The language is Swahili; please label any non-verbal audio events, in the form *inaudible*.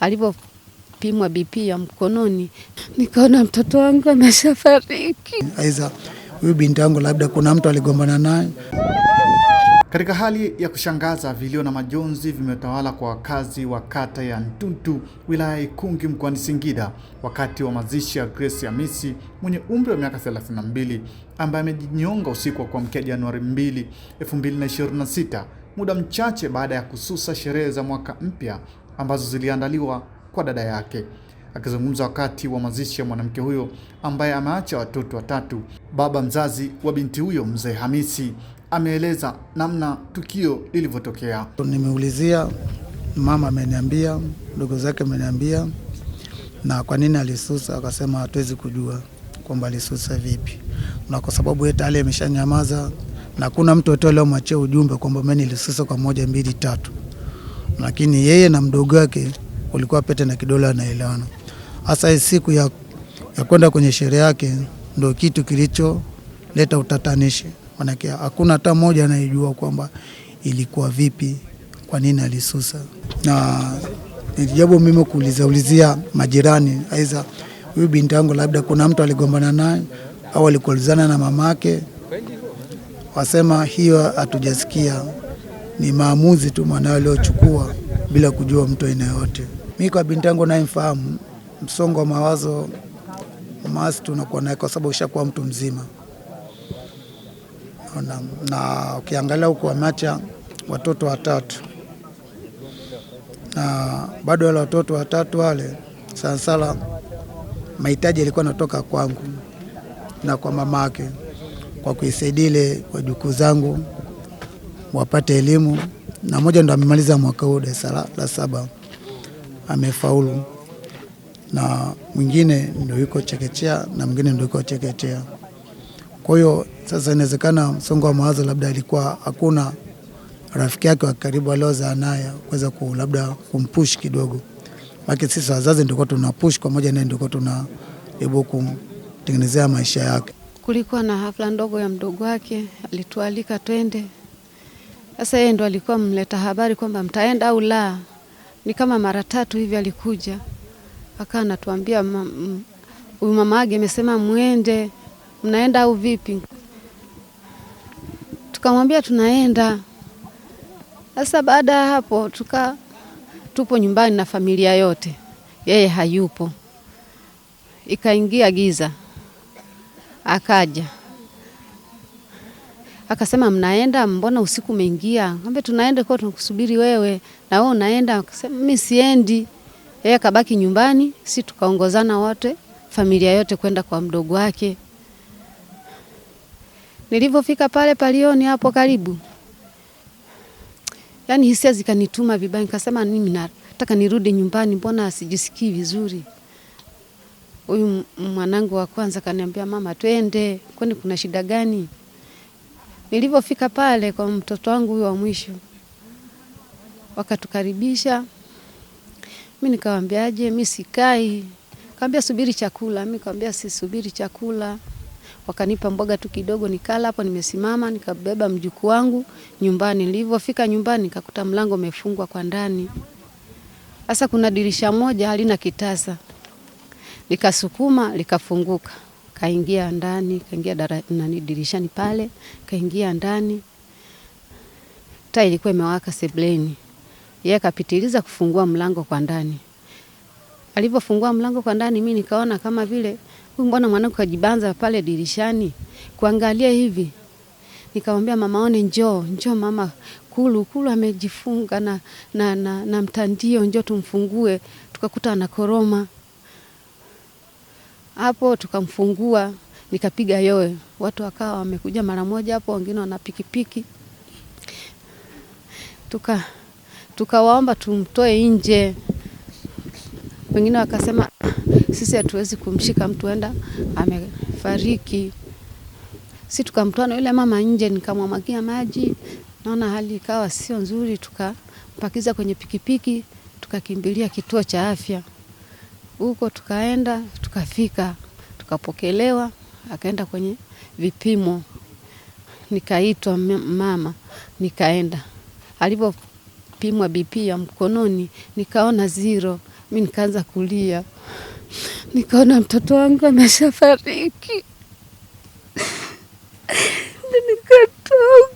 alivyopimwa BP ya mkononi, nikaona mtoto wangu ameshafariki. Aidha, huyu binti yangu labda kuna mtu aligombana naye. Katika hali ya kushangaza, vilio na majonzi vimetawala kwa wakazi wa kata ya Ntuntu wilaya ya Ikungi mkoani Singida wakati wa mazishi ya Grace Hamisi mwenye umri wa miaka 32 ambaye amejinyonga usiku wa kuamkia Januari 2, 2026 muda mchache baada ya kususa sherehe za mwaka mpya ambazo ziliandaliwa kwa dada yake. Akizungumza wakati wa mazishi ya mwanamke huyo ambaye ameacha watoto watatu, baba mzazi wa binti huyo mzee Hamisi ameeleza namna tukio lilivyotokea. Nimeulizia mama, ameniambia ndugu zake ameniambia, na kwa nini alisusa, akasema hatuwezi kujua kwamba alisusa vipi, na kwa sababu yeye tayari ameshanyamaza na kuna mtu yote aliomwachia ujumbe kwamba mimi nilisusa kwa moja mbili tatu lakini yeye na mdogo wake walikuwa pete na kidole anaelewana. Hasa siku ya, ya kwenda kwenye sherehe yake ndo kitu kilicholeta utatanishi, manake hakuna hata mmoja anayejua kwamba ilikuwa vipi, kwa nini alisusa. Na nilijabu mimi kuulizaulizia majirani, aidha huyu binti yangu labda kuna mtu aligombana naye au alikualizana na mamake, wasema hiyo hatujasikia ni maamuzi tu mwanao aliochukua bila kujua mtu aina yote. Mi kwa binti yangu nayemfahamu, msongo wa mawazo maasi tunakuwa naye kwa sababu ushakuwa mtu mzima na, na ukiangalia huku wameacha watoto watatu na bado wale watoto watatu wale sanasala mahitaji yalikuwa natoka kwangu na kwa mamake kwa kuisaidia ile kwa jukuu zangu wapate elimu, na moja ndo amemaliza mwaka huu darasa la saba amefaulu, na mwingine ndo yuko chekechea na mwingine ndo yuko chekechea. Kwa hiyo sasa inawezekana msongo wa mawazo labda alikuwa hakuna rafiki yake wa karibu aliozaa naye kuweza ku labda kumpush kidogo, lakini sisi wazazi ndio kwa pamoja naye, ndio hebu kumtengenezea maisha yake. Kulikuwa na hafla ndogo ya mdogo wake, alitualika twende sasa yeye ndo alikuwa mleta habari kwamba mtaenda au la. Ni kama mara tatu hivi alikuja akawa anatuambia mm, huyu mama age amesema mwende, mnaenda au vipi? Tukamwambia tunaenda. Sasa baada ya hapo tuka tupo nyumbani na familia yote, yeye hayupo, ikaingia giza, akaja Akasema mnaenda, mbona usiku umeingia? Ng'ombe tunaenda kwa tunakusubiri wewe, na wewe unaenda. Akasema mimi siendi. Yeye akabaki nyumbani, si tukaongozana wote familia yote kwenda kwa mdogo wake. Nilivyofika pale palioni hapo karibu, yani hisia zikanituma vibaya, nikasema mimi nataka nirudi nyumbani, mbona sijisikii vizuri. Huyu mwanangu wa kwanza kaniambia, mama, twende, kwani kuna shida gani? Nilivyofika pale kwa mtoto wangu huyo wa mwisho, wakatukaribisha. Mi nikawambiaje, mi sikai. Kaambia subiri chakula, mi kaambia sisubiri chakula. Wakanipa mboga tu kidogo, nikala hapo, nimesimama. Nikabeba mjukuu wangu nyumbani. Nilivyofika nyumbani, nikakuta mlango umefungwa kwa ndani, sasa kuna dirisha moja halina kitasa, likasukuma likafunguka kaingia ndani, kaingia dara, nani dirishani pale, kaingia ndani, taa ilikuwa imewaka sebleni. Yeye kapitiliza kufungua mlango kwa ndani. Alivyofungua mlango kwa ndani, mimi nikaona kama vile huyu, mbona mwanangu kajibanza pale dirishani kuangalia hivi. Nikamwambia mama, one njoo, njoo mama, kulu kulu amejifunga na, na, na, na mtandio, njoo tumfungue. Tukakuta anakoroma hapo tukamfungua, nikapiga yowe, watu wakawa wamekuja mara moja hapo, wengine wana pikipiki, tuka tukawaomba tumtoe nje, wengine wakasema sisi hatuwezi kumshika mtu enda amefariki. Si tukamtoa na yule mama nje, nikamwamwagia maji, naona hali ikawa sio nzuri, tukampakiza kwenye pikipiki, tukakimbilia kituo cha afya huko, tukaenda Tukafika tukapokelewa, akaenda kwenye vipimo, nikaitwa mama, nikaenda. Alivyopimwa BP ya mkononi nikaona ziro, mi nikaanza kulia, nikaona mtoto wangu ameshafariki. *laughs* nikatoa